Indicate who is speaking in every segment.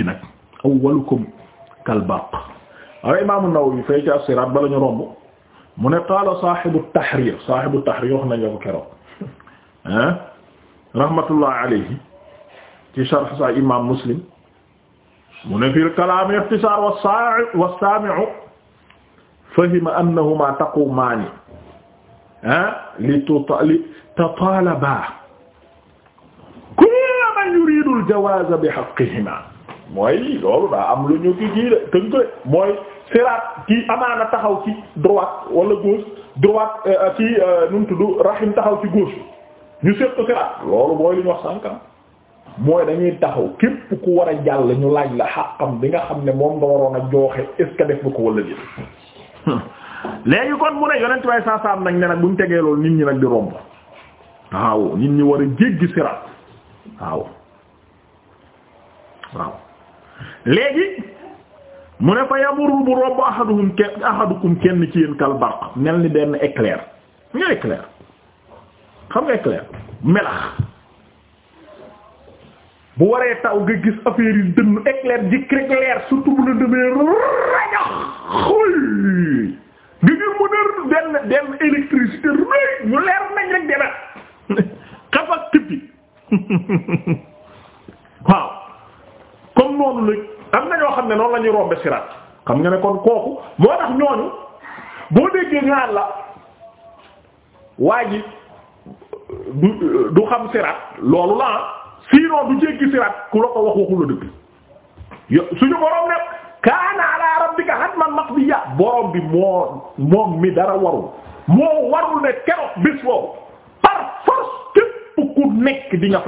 Speaker 1: gi nag awwalukum kal barq waaye Imaam An-Nawawi fay ci as-Siraat bala ñu romb mu ne qaala saaxibu Tahriir saaxibu Tahriir wax nañ la ko keroog ah rahmatullah alayhi ci sharh Sahih Imaam Muslim mu ne fil kalaam ikhtisaar was-saami'u fahima annahumaa taqumaani ah, li tataalabaa kullamaa yuriidu al-jawaaza bi haqqihimaa mooy loolu daa am lu ñu ki kii de tënk mooy siraat kii amaana taxaw ci droite wala gauche droite euh, ci euh, nu mu tudd rahim taxaw ci gauche ñu seet siraat loolu mooy lu ñu wax sànkam mooy dañuy taxaw képp ku war a jàll ñu laaj la xàqam bi nga xam ne moom nga waroon a jooxe est-ce ko wala jël léegi kon mu ne yonent way saa saam nag ne nag bu ñu tegee loolu nit ñi nag di romb waaw nit ñi war a jéggi siraat waaw léegi mu ne fa yamuru bu robb ahadukum kenn ahadukum kenn ci yéen kal barq mel ni benn éclair nga éclair xam nga éclair melax bu waree taw nga gis affaire yi dënn éclair jikk leer surtout bu la demee rajax nga gis mu ne benn benn électricité rëy ñu leer nañ rek deme xafak tippi waaw comme noonu la am na ñoo xam ne noonu la ñuy siraat xam nga ne kon kooku moo tax ñooñu boo déggee ñaan la waa ji du du xam siraat loolu la ah sinon du jéggi siraat ku la ko wax waxu la dëgg yo suñu borom ne kaana ala rabbika hatman maqdiya borom bi moo moom mi dara warul moo warul ne keroog bis boobu par force képp ku nekk di nga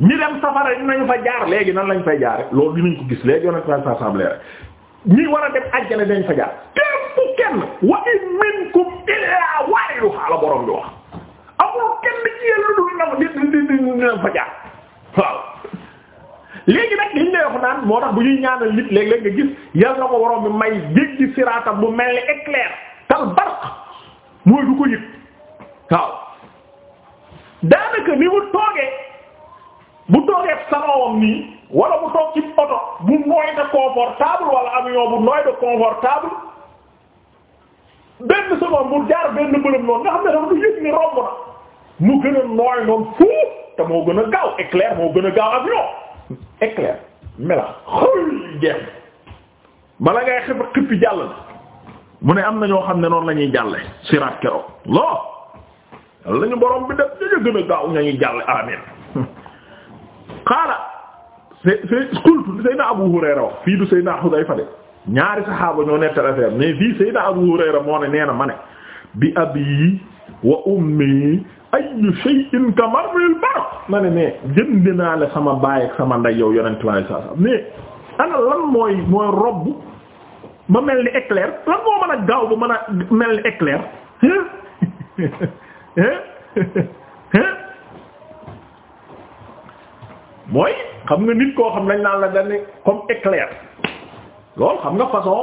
Speaker 1: ñi dem safara dinañu fa jaar léegi nan lañu fay jaare loolu dinañ ko gis léegi yoon ak fa assemblée rek ñi war a dem àjjana dinañ fa jaar képp kenn wa in minkum illaa waariduhaa la borom bi wax amul kenn ci yeen lu dul na bu ñuy ñaanal nit nga gis yal na ko borom bi may jéggi siraatam bu mel ni éclair tal mooy du ko yëg waaw daanaka ni mu toogee bu toogee salon nii wala bu toog ci oto bu nooy de confortable wala avion bu nooy confortable benn seconde bu jaar benn bërëb noonu nga xam ne dafa du yëg ni romb na mu gën a nooy noonu fuuf te moo gën a gaaw éclair moo gën a gaaw avion éclair mela xëy jeex bala ngay xëpp xippi jàll na mu ne am na ñoo xam ne noonu lañuy ñuy jàlle siraat keroog loo lañu borom bi def ñu gën a gaaw ñañuy jàlle amin qaala c'est c'est qultu li Seydina Abu Hurayra wax fii du Seydina Hudayfa de ñaari saxaaba ñoo nettali affaire mais fii Seydina Abu Hurayra moo ne nee na ma ne bi abi wa ummi ayyu shay'in ka marril barq ne mais jënd naa la sama baay ak sama nday yow yonent ma saa saa ana lan mooy mooy robb ma mel ni éclair lan moo mën a gaaw ba mën a mel ni éclair hein hein mooy xam nga nit koo xam nañ naan la dañ comme éclair loolu xam nga façon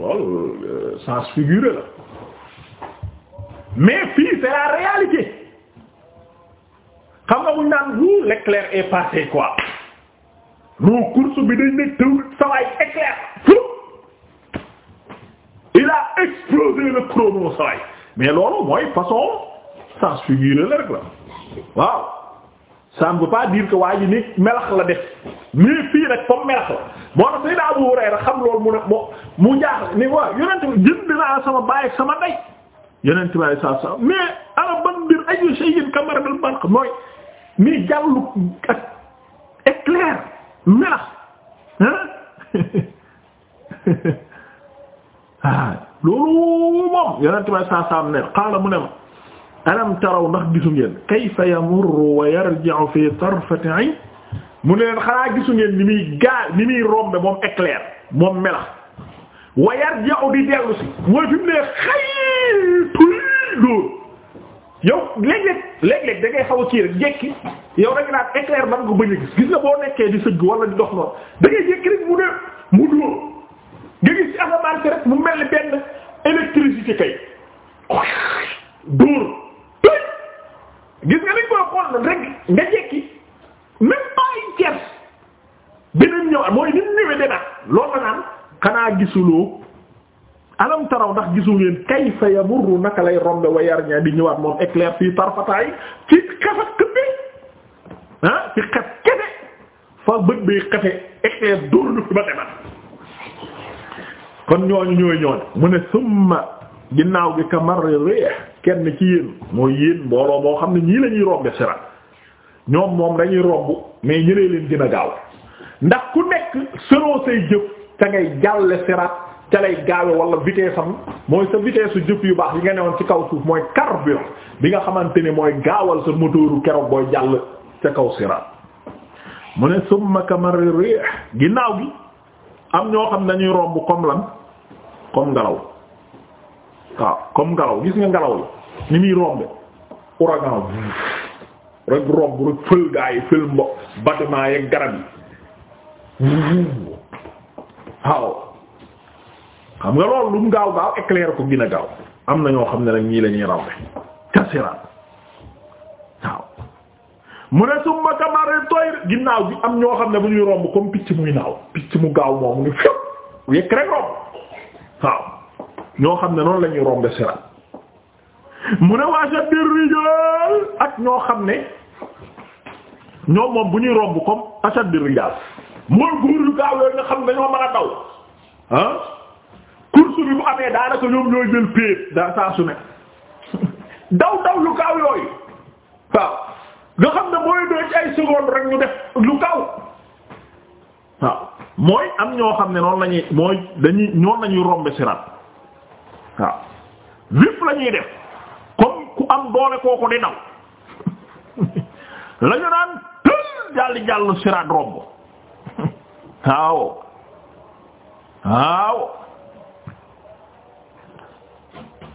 Speaker 1: loolu euh, sens figuré la mais fii c'est la réalité xam nga buñ naan wu l'éclair est passé quoi loo course bi dañ ne tëw sawaay éclair il a explosé le chrono sawaay mais loolu mooy façon sens figuré la rek la waaw ça ne veut pas dire ni melax la def mais fii nag comme melax la moo tax Seydina Abu Hurayra xam loolu mu ne moo mu jaax ni waaw yonent bi jënd naa sama baay ak sama ndey yonent bi alayhi salaatu salaam mais ala ban mbir ayyu shay'in kamaradul barq mooy mi jàllu ak éclair melax ah loolu moom yonent bi alayhi salaatu salaam ne qaala mu ne ma alam taraw ndax gisu ngeen kayfa yamurru wa yarji'u fi tarfati ayn mu ne leen xanaa gisu ngeen ni muy gaal ni muy rombe moom éclair moom melax wa yarji'u di dellu si mooy fi mu ne xay tuy dóor yow léeg-léeg léeg-léeg da ngay xaw a kii rek jekki yow da nga naan éclair man ko bañ a gis gis nga boo nekkee di sëgg wala di dox noonu da ngay jékki rek mu ne mu dóor nga gis ci asamaan si rek mu mel ni benn électricité kay dóor gis nga dañ koy xool rek nga jekki même pas une beneen ñëw mooy ni ñëwee demaat loolu la naan xanaa gisuloo alam taraw ndax gisu ngeen kayfa yamurru naka lay rombe wa yarña di ñëwaat moom éclair fii tarfataay ci xefat këp bi ah ci xef kese fa bët bay xefe éclair dóorlu fi ba demaat kon ñooñu ñooy ñooñ mu ne summa ginnaaw gi ka marri réex kenn ci yéen mooy yéen mbooloo moo xam ne ñii lañuy ñuy rombe ñoom moom dañuy romb mais ñëlee leen gën a gaaw ndax ku nekk selon say jëf ca ngay jàlle sirat ca lay gaawe wala vitesse am mooy sa vitesse su jëf yu baax yi nga newoon ci kaw suuf mooy carburant bi nga xamante ne mooy gaawal sa moteuru keroog booy jàll ca kaw sirat mu ne summa kamari riih ginnaaw gi am ñoo xam ne dañuy romb comme lan comme ngelaw waaw comme ngelaw gis nga ngelaw li ni muy rombe ouragan rek romb rek fël gaa yi fël mbo bâtiment yeeg garab yi waaw xam nga lu mu gaaw gaaw ko gën a gaaw am na ñoo xam ne nag ñii la ñuy rawle kasira waaw ginnaaw bi am ñoo xam ne bu ñuy romb comme picc muy naaw picc mu gaaw moom mu ngi fépp yekk rek romb waaw ñoo xam ne noonu lañuy ñuy rombe sirat mu ne waasa bir rijal ak ñoo xam ne ñoom moom bu ñuy romb comme asad di rijal mooy góor yu gaaw yooyu nga xam ne dañoo a daw ah course bi bu daanaka lu gaaw yooyu waaw xam ne mooy doo ci ay seconde rek ñu def lu gaaw waaw mooy am ñoo xam ne noonu lañuy mooy dañuy ñoon lañuy rombe sirat waaw vif la ñuy def ku am doole kooku di daw la ñu naan tël jàll jàll siraat romb waaw waaw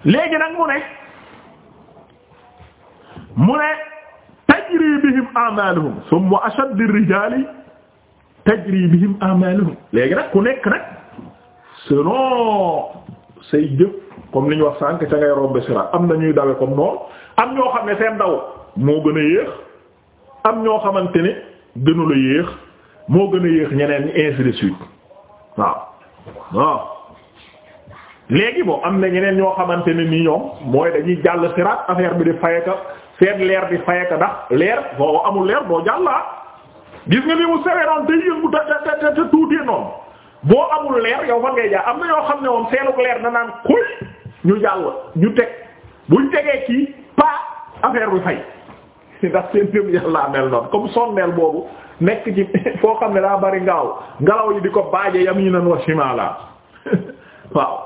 Speaker 1: nag mu ne mu ne tajri bihim amaluhum summa ashadd ar-rijali tajri bihim amaluhum léegi nag ku nekk nag selon say jëf comme li ñu wax sànk ca ngay rombe siraat am na ñuy dawe comme noonu am ñoo xam ne seen daw moo gën a yéex am ñoo xamante ne gënu la yéex moo gën a yéex ñeneen ainsi de suite waaw léegi moo am na ñeneen ñoo xamante ne nii ñoom mooy dañuy jàll siraat affaire bi di fayaka seen leer bi fayaka ndax leer boo amul leer boo jàll ah. gis nga li mu sewee noonu te yéegu te te te tuutee noonu boo amul leer yow fan ngay jaar am na ñoo xam ne moom seenuk leer na naan kuy ñu jàll ñu teg buñ tegee kii pas affaire bi fay ndax seen tëm yàlla mel noonu comme sondeel boobu nekk ci foo xam ne daa bari ngaaw ngelaw yi di ko baaje yaminan wa shimala waaw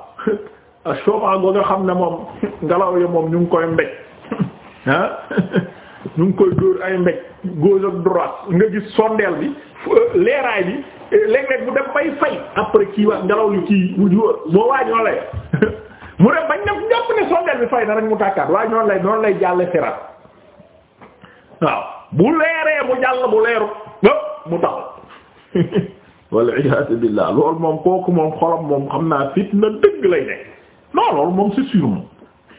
Speaker 1: choma go nga xam ne moom ngelaw yi moom ñu ngi koy mbéj ah ñu ngi koy dóor ay mbéj gauche ak droite nga gis sondeel bi euh, leeraay bi léeg-léeg bu dem bay fay après kii waa ngelaw li kii moo waa ñoo lay mu dem bañ dem jàpp ne sondeel bi fay na rek mu tàkkaat waaye ñoonu lay noonu lay jàlle sirat waaw bu leeree mu jàll bu leeru ëpp mu taxaw waliyasu billah loolu moom kooku moom xolam moom xam naa fitna dëgg lay nekk non loolu moom c'est sûr moom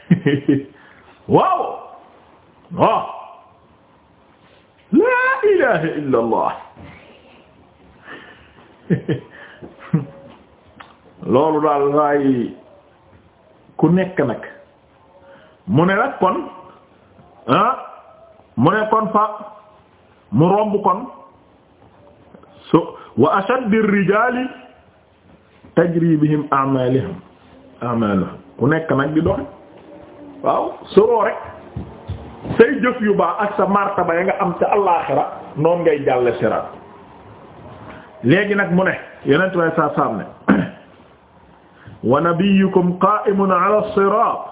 Speaker 1: waaw waaw la ilaha loolu daal waaye ku nekk nag mu ne nag kon ah mu ne kon fa mu romb kon so wa ashaddi rijaali tajri bihim a'maluhum ku nekk nag di doxe waaw soroo rek say jëf yu baax ak sa martaba ya nga am ca àllaaxira noon ngay jàlle siraat léegi nag mu ne yonent way saa saam ne wa nabiyyukum qa'imun 'ala as-sirat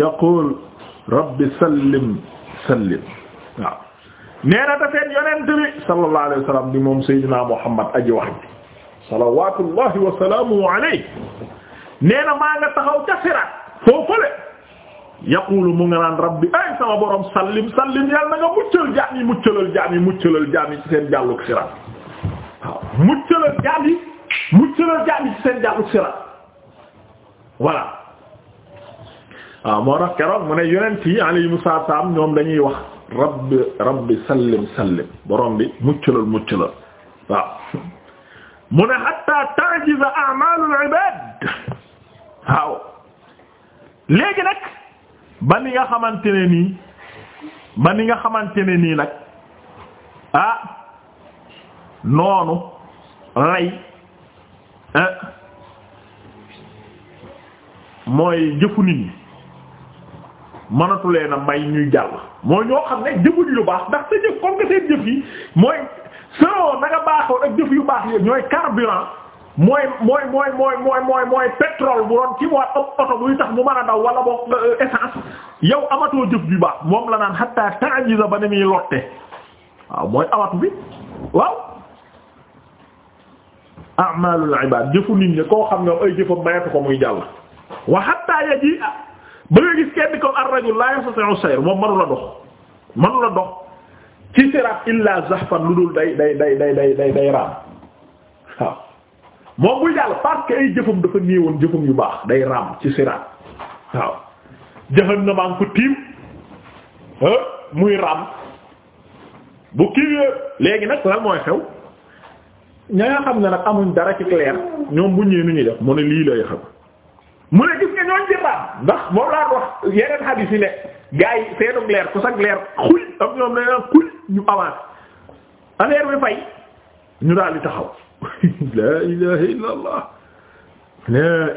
Speaker 1: yaqul rabbi sallim sallim waaw nee na ta seen yonent bi sallallahu alayhi wa sallam bi moom sayyidina Muhammad aji wax bi salawatullahi mu naan rabbi ay sama borom sallim sallim yàlla na nga muccal jaam yi muccalal jaam yi muccalal jaam yi seen jàlluk sirat muccalal jaam yi muccalal jaam yi ci seen jàllu sira voilà waaw ah, moo tax keroog mu ne yonent yi alayhimu salaam ñoom dañuy wax rabbi rabbi sallim sallim borom bi muccalal muccalal waaw mu ne hatta ta'jiza a'malul ibad waaw léegi nag ba ni nga xamante ne nii ba ni nga xamante ne nii nag ah noonu lay ah mooy jëfu nit ñi mënatu leen a may ñuy jàll mooy ñoo xam ne jëfuñu lu baax ndax sa jëf comme que seen jëf yi mooy selon na nga baaxoon ak jëf yu baax yi ñooy carburant mooy mooy mooy mooy mooy mooy mooy pétrole bu doon ci waa oto buy tax mu man a daw wala boo euh, essence yow amatoo jëf ju baax moom la naan hatta ta'jiza ba ni muy lotte waaw mooy amatu bi waaw. a'malul ibad jëfu nit ñi koo xam ne ay jëfam mayatu ko muy jàll wa hatta yaji ba nga gis kenn ko ar-rajul la yastati'u sayr moom mënu la dox mënu la dox ci sirat illa zahfan lu dul day day day day day day day raam waaw moom muy jàll parce ay jëfam dafa néewoon jëfam yu baax day raam ci sirat waaw jahannama ngi ko tiim ah, muy raam bu kii léegi nag lan mooy xew ña xam ne nag amuñ dara ci clair ñoom bu ñëwee nu ñuy def mu ne lii lay xam mu ne gis nga ñooñ ci raam ndax moom laa wax yeneen hadith yi ne gars yi seenu leer ku sax leer ak ñoom ne nag xuy ñu avance affaire bi fay ñu daal di taxaw la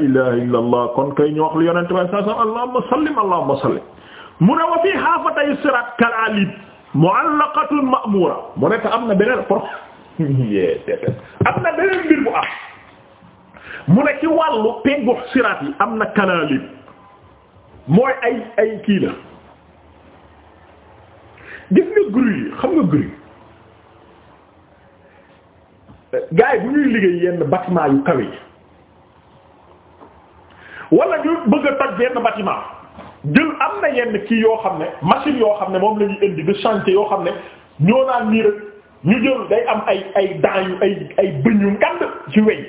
Speaker 1: ilaha illa kon kay ñu wax lu yonente bi sallallahu alayhi wasallam sallim allahumma sallim mu ne wa fii xaafatay sirat kal alib mu'allaqatun ma'mura mu ne te am na beneen yee déedéet am na beneen mbir bu am mu ne ci wàllu pengu siraat yi am na kanaalin mooy ay ay kii la gis nga grue yi xam nga grue gars yi bu ñuy liggéey yenn bâtiment yu kawe yi ñu bëgg a yenn bâtiment jël am na yenn kii yoo xam ne machine yoo xam ne moom la ñuy indi de chantier yoo xam ne ñoo naan nii rek ñu jël day am ay ay daan ay ay bëñ yu ngand ci weñ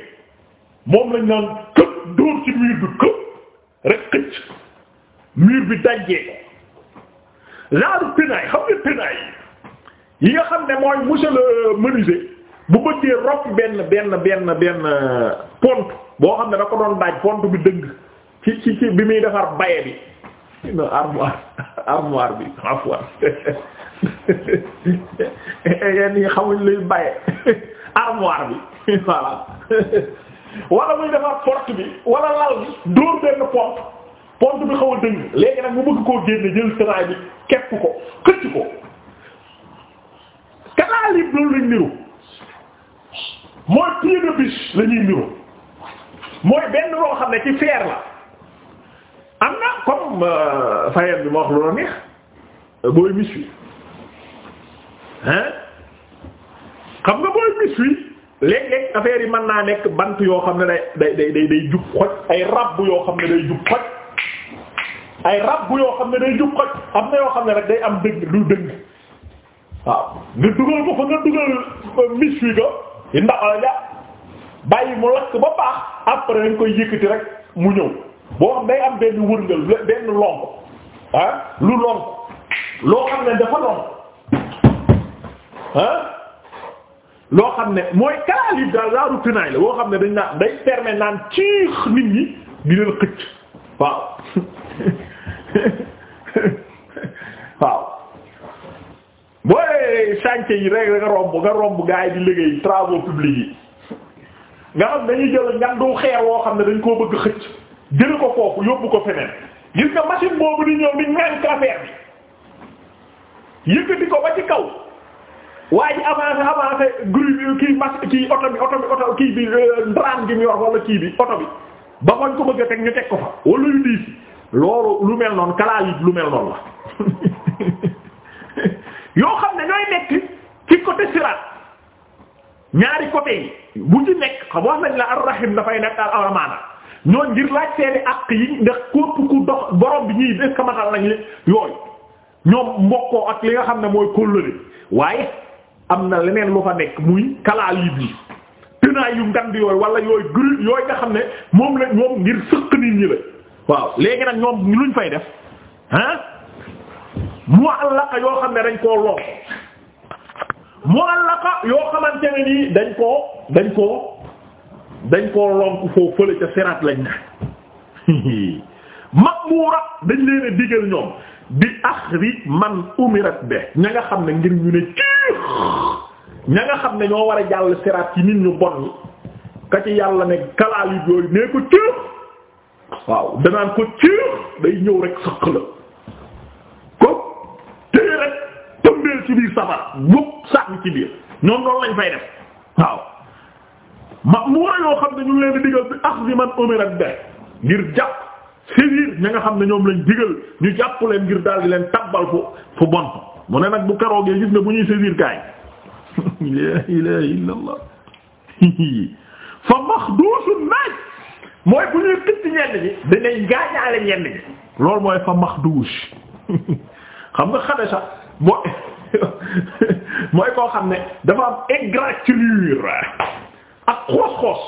Speaker 1: moom lañ naan këpp dóor ci mur bi këpp rek xëcc mur bi dajjee ko genre xam nga tenaay yi nga xam ne mooy monsieur le menuisier bu bëggee rob benn benn benn benn euh, pont boo xam ne da ko doon daaj pont bi dëng ci ci ci bi muy defar baye bi no armoire armoire bi afwan yenn yi xamuñ luy baye armoire bi voilà wala muy defar porte bi wala lal bi dóor benn porte porte bi xaw a dëng léegi nag mu bëgg koo génne jël tëraay bi kepp ko xëcc ko kanaalib loolu lañ niru mooy pied de biche la niru mooy benn loo xam ne ci fer la am na comme euh, fayet bi ma wax lu la neex euh, booy mis wi hein xam nga booy mis wi léeg-léeg affaire yi mën naa nekk bant yoo xam ne day day day day jub xoj ay ràbb yoo xam ne day jub xoj yoo xam ne day jub xoj am na yoo xam ne rek day am dëgg lu dëgg waaw nga dugal ko fa nga dugal euh, mis wi ko yi ndax ah, ja bàyyi mu lakk ba baax après dañ koy yëkkati rek mu ñëw boo xam day am benn benn lonk ah lu lonk loo xam ne dafa lonk ah loo xam ne mooy kaalib daal daaru tinaay la woo xam ne dañ naa day permettre naan ciix nit ñi di leen xëcc waaw waaw booy chantier yi rek nga romb nga romb gars di liggéey travaux publics yi nga xam dañuy jël ngandu xeer woo xam ne dañ koo bëgg xëcc jële ko foofu yóbbu ko feneen gis nga machine boobu di ñëw di ñànk affaire bi yëkkati ko ba ci kaw waaye ji avancé avancé grue kii mas kii oto bi oto bi oto kii bi ndran euh, gi mu bi oto bi ko bëgg a teg ñu teg ko fa wala yu diis loolu lu mel noonu kalaa yit lu mel noonu la yoo xam ne ñooy nekk ci côté sirat ñaari côté yi bu ci nekk xam wax nañ la ar-rahim dafay nekk al ñooñ ngir laaj seeni àq yi ndax képp ku dox borom bi ñuy bés kamatal nañ li yooyu ñoom mbokkoo ak li nga xam ne mooy kóllëre waaye am na leneen lu fa nekk muy kalaaliib yi tënaay yu ngand yooyu wala yooyu gri yooyu nga xam ne moom la moom ngir sëq nit ñi la waaw léegi nag ñoom luñ fay def ah mu'allaqa yoo xam ne dañ koo lool mu'allaqa yoo xamante ne nii dañ koo dañ koo dañ koo lonk foofu fële ca siraat lañ na ma'mura dañ leen a digal ñoom bi axri man umirat be ña nga xam ne ngir ñu ne kii ña nga xam ne ñoo war a jàll siraat ci nit ñu bon ka ci yàlla ne kalaal yu yooyu nee ko ciix waaw danaan ko ciix day ñëw rek sëq la ko téye rek tëmbeel ci biir safara yëpp sànni ci biir ñoom loolu lañ fay def waaw ma'mura yoo xam ne ñu ngi leen di digal bi axdi man umira bi ngir jàpp sévir ña nga xam ne ñoom lañ digal ñu jàpp leen ngir daal leen tabbal fu fu bon mu ne nag bu keroogee gis nga bu ñuy sévir kaay la ilaha illa fa maxduusun naaj mooy bu ñuy këtt ñenn ñi dinañ gaañaale ñenn ñi loolu mooy fa maxduus xam nga xame sax mooy mooy koo xam ne dafa am égratignure ak xoos-xoos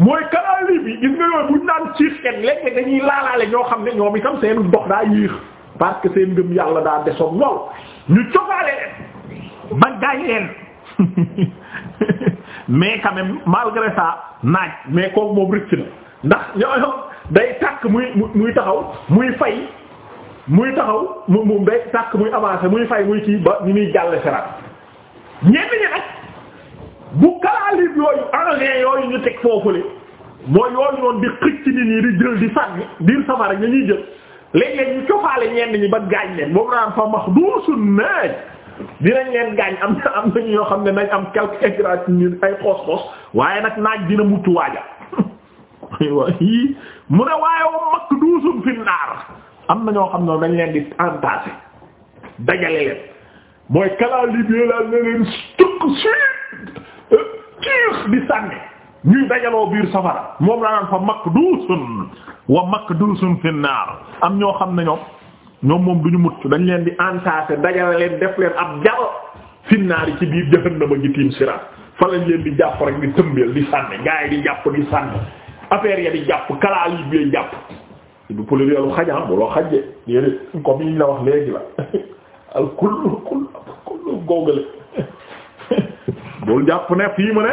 Speaker 1: mooy canal bi gis nga yooyu buñ naan ciif kenn léeg dañuy laalaale ñoo xam ne ñoom itam seen ndox daa yéex parce que seen ngëm yàlla daa desoon lool ñu cogaale leen ba gaañ leen mais quand même malgré naaj mais kooku moom rëcc na ndax day tàkk muy muy taxaw muy fay muy taxaw mu mu day tàkk muy avancer muy fay muy ci ba ñu muy jàll serat ñenn ñi nag bu kalaalib yooyu engins yooyu ñu teg foofule mooy yooyu noonu di xëcc nit ñi di jël di sànni biir safara ñu ñuy jël léeg-léeg ñu cofaale ñenn ñi ba gaañ leen boobu naan fa am na am nañu yoo xam ne nañ am quelque égratignure ay xos-xos waaye nag naaj dina mucc waaja mu ne waaye wa makduusun fi am na ñoo xam ne dañ leen di entassé dajale leen mooy kalaalib yooyu laa ne leen stukk suite ciix di sànni ñuy dajaloo biir safara moom laa naan fa makduusun wa makduusun fi naar am ñoo xam ne ñoom ñoom moom duñu mucc dañ leen di entassé dajale leen def leen ab jaro fi yi ci biir jahannama gi tiim siraat fa lañ leen di jàpp rek di tëmbeel di sànni gaa di jàpp di sànni affaire ya di jàpp kalaa yi bi jàpp bu poli lu xaja ah, bu loo xajje yéen comme yi ñu la wax léegi la al kullu kullu kullu góogale bul jàpp ne fii mu ne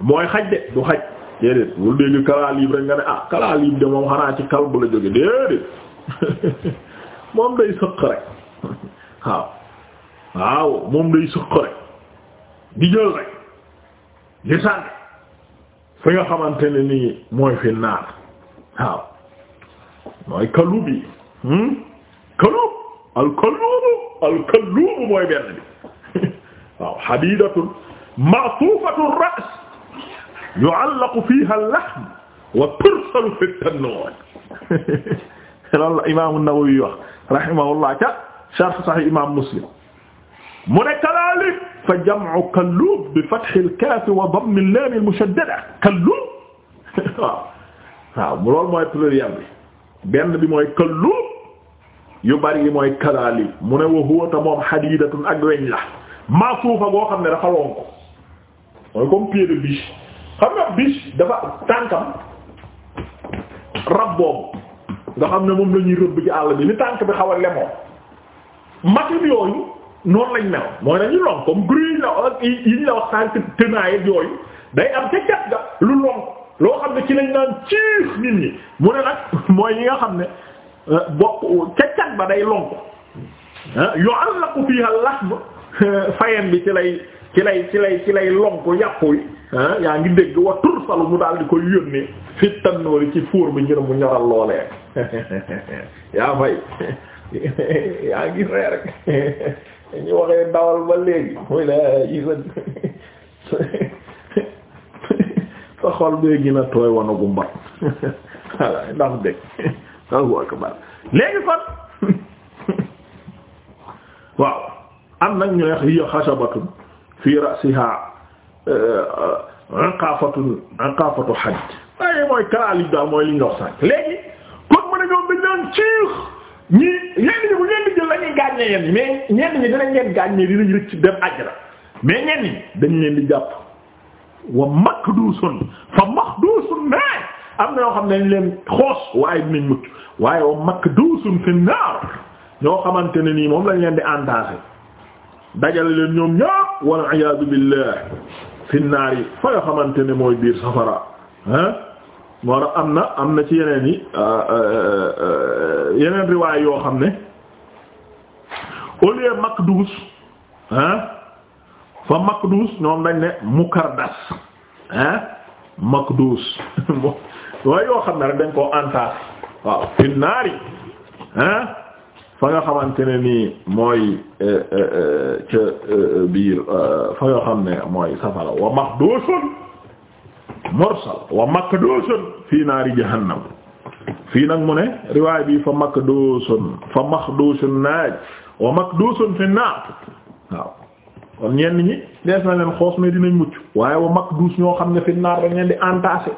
Speaker 1: mooy xaj de du xaj déedéet bul dégg kalaalib rek nga ne ah kalaalib de moom xanaa ci kalb la jóge déedéet moom day sëq rek waaw waaw moom day sëq rek di jël rek di sànni fi nga xamante ne nii mooy fi naar waaw mooy kalub yi hmm? kalub al kalub al kalub mooy benn bi waaw hadidatun ma'tufatun ra's yu'allaqu fiha al-lahm wa tursalu fi at-tanur loolu la imaamu Nawawi wax rahimahullah ca sharh sahih imaam Muslim mu ne kadhalik fa jam'u kalluub bi fathil kaaf wa dammil laam al-mushaddada kalluub waaw waaw loolu mooy pluriel bi benn bi mooy kalluub yu bari yi mooy kadhalik mu ne wa huwa moom hadiidatun ak weñ la maasuufa goo xam ne dafa lonk mooy comme pied de xam nga biche dafa tànkam rab boobu nga xam ne moom la ñuy rëbb ci àll bi ni tànk bi xaw a lemoo matin yooyu noonu lañ mel mooy dañuy lonk comme gris la ak yiñ la wax tànk tënaayeg day am ca ga lu lonk loo xam ne ci lañ naan ciix nit ñi mu ne nag mooy yi nga xam ne euh, bokk ca cat ba day lonk ah yu'allaqu fiha al-lahm fayeen bi ci lay ci lay ci lay ci lay lonk yàqu yi ah, yaa ngi dégg wa tursalu mu daal di koy yónnee fi tannoori ci fuur bi ngir mu ñoral loolee yaa fay yaa ngi ree rek waxee dawal ba léegi muy la yi léegi kon waaw am nag ñu ne hiya xashabatun fi ra'siha anqafatun anqafatu hajj waaye mooy kalaali daal mooy li ñu wax sànq léegi mu ne ñoom dañ naan ciix ñi ñenn ñi bu ñenn ñi jël la ñuy gaaññe ñi dinañ leen gaaññe dinañ rëcc dem di jàpp wa makdusun fa makdusun naar am na yoo xam ne dañ leen xoos waaye dinañ mucc waaye wa makdusun fi naar ñoo xamante ne nii moom lañ leen di entassé dajale leen ñoom ñëpp wal iyaadu billah fi naari fa nga xamante ne mooy biir safara ah moo tax am na am na ci yeneen yi euh, euh, euh, yeneen riwaay yoo xam ne au lieu Makdus ah fa Makdus ñoom dañ ne Mukardas ah Makdus waaye yoo xam ne rek dañ koo antaas waaw fi naari fa nga xamante ne nii mooy eh, eh, eh, ca biir fa nga xam ne mooy safara wa maxduusun mursal wa makduusun fii naari jahannam fii nag mu ne riwaay bi fa makduusun fa maxduusun naaj wa makduusun fi naar waaw kon ñenn ñi des na leen xoos ne dinañ mucc waaye wa makduus ñoo xam ne fi naar dañ leen di entassé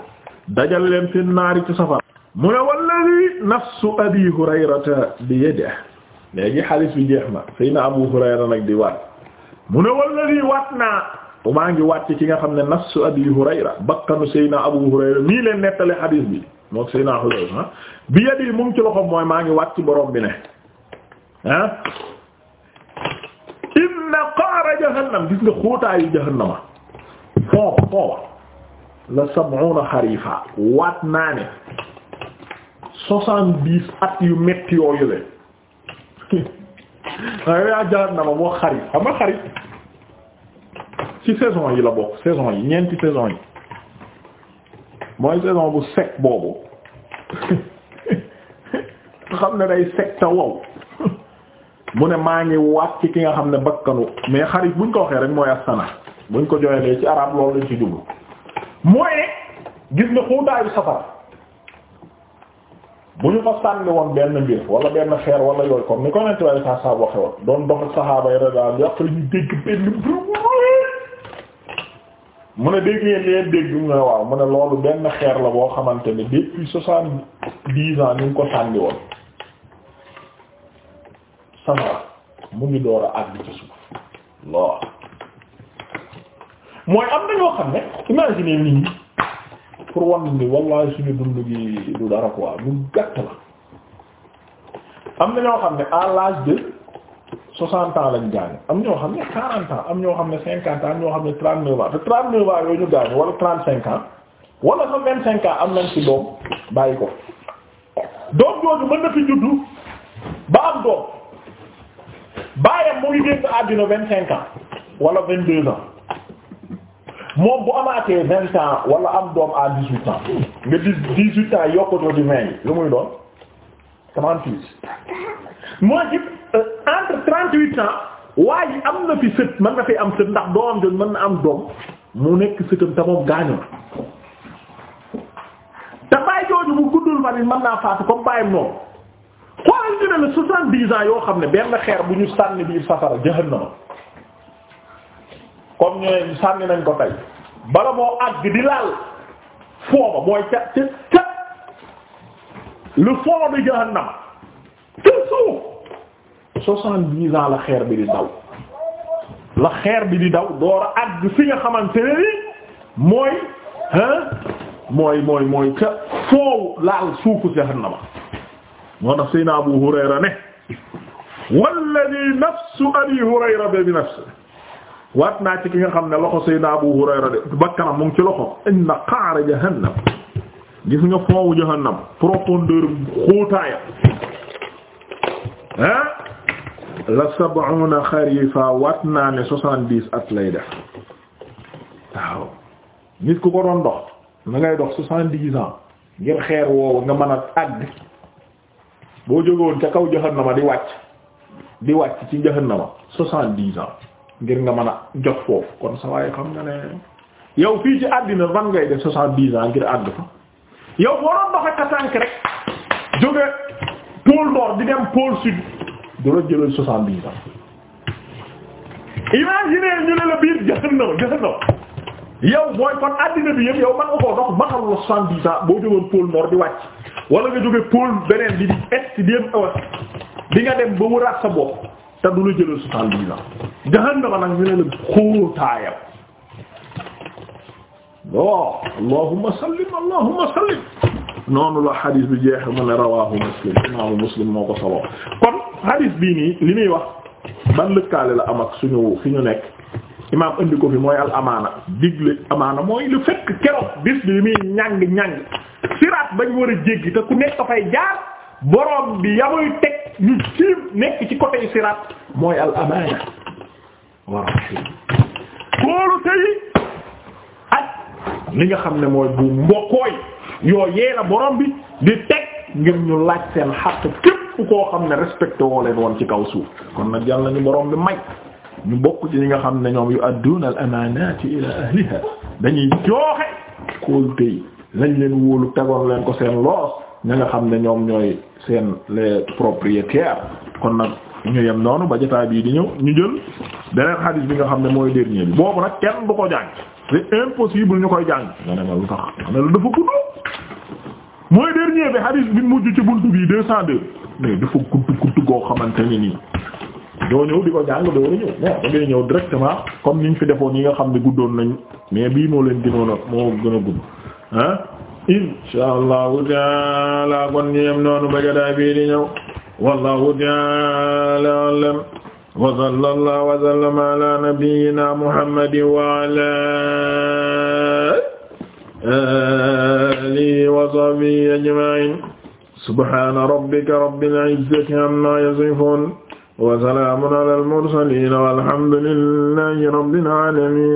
Speaker 1: dajal leen fi naari ci safara mu ne walladi nafsu abi hurayrata bi yadihi léegi xaalis bi jeex na sëy na Abu Hurayra nag di waat mu ne walladi waat naa maa ngi waat ci nga xam ne nafsu Abi Hurayra bakkanu sëy na Abu Hurayra mii leen nettale xadiis bi mook sëy na Hurayra ah. bi yadi mu ngi ci mooy maa ngi waat ci borom bi ne ah inna qaara jahannam gis nga xóotaayu jahannama foowa foowa la sab'una xarifa waat naa ne soixante-dix at yu metti yooyu le waaye yaa jahannama moo xarit xam nga xarit ci saison yi la bokk saison yi ñeenti saison yi mooy saison bu sec boobu xam ne day sec ta wow mu ne maa ngi waat ci ki nga xam ne bakkanu mais xarit buñ ko waxee rek mooy asana buñ ko joxee ci arab loolu lañ ci jublu mooy gis nga xuutaayu safar bu ñu ko sànni woon benn mbir wala benn xeer wala yooyu comme ni ko nent waaye saa saa waxe doon dox saxaaba yi radiyallahu anhum après mu ne dégg ngeen dégg mu ne waaw mu ne loolu benn xeer la boo xamante ne depuis soixante-dix ans ko sànni woon mu ngi door àgg ci suuf lool mooy am na ñoo xam ne imagine nii pour wan ni wallahi suñu dund gi du dara quoi ñu gàtt la am na ñoo xam ne à l'âge de soixante ans lañ gaañu am ñoo xam ne quarante ans am ñoo xam ne cinquante ans ñoo xam ne trente neuf ans te trente neuf ans yooyu ñu gaañu wala trente cinq ans wala sax am nañ ci doom bàyyi ko doom jooju cinq ans wala vingt deux ans moom bu amaatee vingt ans wala am doom à dix huit ans nga dix dix huit ans yokkatoo ci vingt yi muy doon trente euh, huit ans waaye am na fi sët mën na fi am sët ndax doom jooju mën na am doom mu nekk sëtam te moom gaañu na te bàyyi jooju bu guddul ma ni mën naa faatu comme bàyyam noonu xoolal ñu ne la soixante dix ans yoo xam ne benn xeer bu ñu sànni biir safara jahannama comme ñooy sànni nañ ko tey bala moo agg di laal fooba mooy ca ca ca le fond de jahannama ca suuf soixante-dix la xeer bi di daw la xeer bi di daw door a àgg fi nga xamante mooy hein mooy mooy mooy ca foofu laal suufu jahannama moo tax Seydina Abu Hurayra ne walladi nafsu Abi Hurayra bi nafsi wat naa ci ki nga xam ne loxo Seydina Abu Hurayra de bakkanam mu ci loxo inna qaara jahannam gis nga foowu jahannam profondeur xóotaaya ah la sab'una xarifa waat naa ne soixante-dix at lay def waaw nit ku ko doon dox na ngay dox soixante-dix ans ngir xeer woowu nga mën a àgg boo jógoon ca kaw jahannama di wàcc di wàcc ci jahannama soixante-dix ans ngir nga mën a jox foofu kon sa waaye xam nga ne yow fii ci àddina ban ngay def soixante-dix ans ngir àgg fa yow boo doon doxe di dem pôle sud du la jëlal yow mooy kon àddina bi yëpp yow man nga koo dox maxal la soixante-dix ans boo jógoon pôle nord di wàcc wala nga jóge pôle beneen bi di est di dem ouest di nga dem ba wëraat sa bopp te du la jëlal soixante-dix ans jahannama nag ñu ne la xóotaayam o allahumma sallim allahumma sallim noonu la hadis bi jeex mu ne rawahu muslim imaamu muslim moo ko solo kon hadis bii nii li muy wax ban lëkkaale la am ak suñu fi ñu nekk imaam indi ko fi mooy al amaana digle amaana mooy lu fekk keroog bis bi li muy ñàng ñàng siraat bañ war a jéggi te ku nekk dafay jaar borom bi yamuy teg ñu tiim nekk ci côté sirat mooy al amaana wa rahim ak li nga xam ne mooy bu mbokkooy yoo yeena borom bi di teg ngir ñu laaj seen xàq képp koo xam ne respecté woo leen woon ci kaw suuf kon nag yàlla ñu borom bi may ñu bokk ci ñi nga xam ne ñoom yu adduuna al amaanaati ila ahliha dañuy jooxe kóolu tey lañ leen wóolu tegoon leen ko seen loos ña nga xam ne ñoom ñooy seen les propriétaires kon nag ñu yem noonu ba jotaay bii di ñëw ñu jël beneen hadith bi nga xam ne mooy dernier bi boobu nag kenn du ko jàng c'est impossible ñu koy jàng nga ma lu tax mooy dernier bi hadith bi mujj ci buntu bi deux cent mais dafa gudd gudd goo xamante ne nii doo ñëw di ko jàng doo la ñëw mais da ngay ñëw directement comme niñ fi defoon yi nga xam ne guddoon nañ mais bii moo leen gënoon a moo gën a gudd ah insha allahu taala kon ñu yem noonu ba jotaay bii di ñëw wallahu taala alam wa sallallahu wa sallama ala nabiyyina muhammadin wa ala alihi wa sahbihi ajma'in subhana rabbika rabbil izzati amma yasifun wa salamun ala al mursalin walhamdulillahi rabbil alamin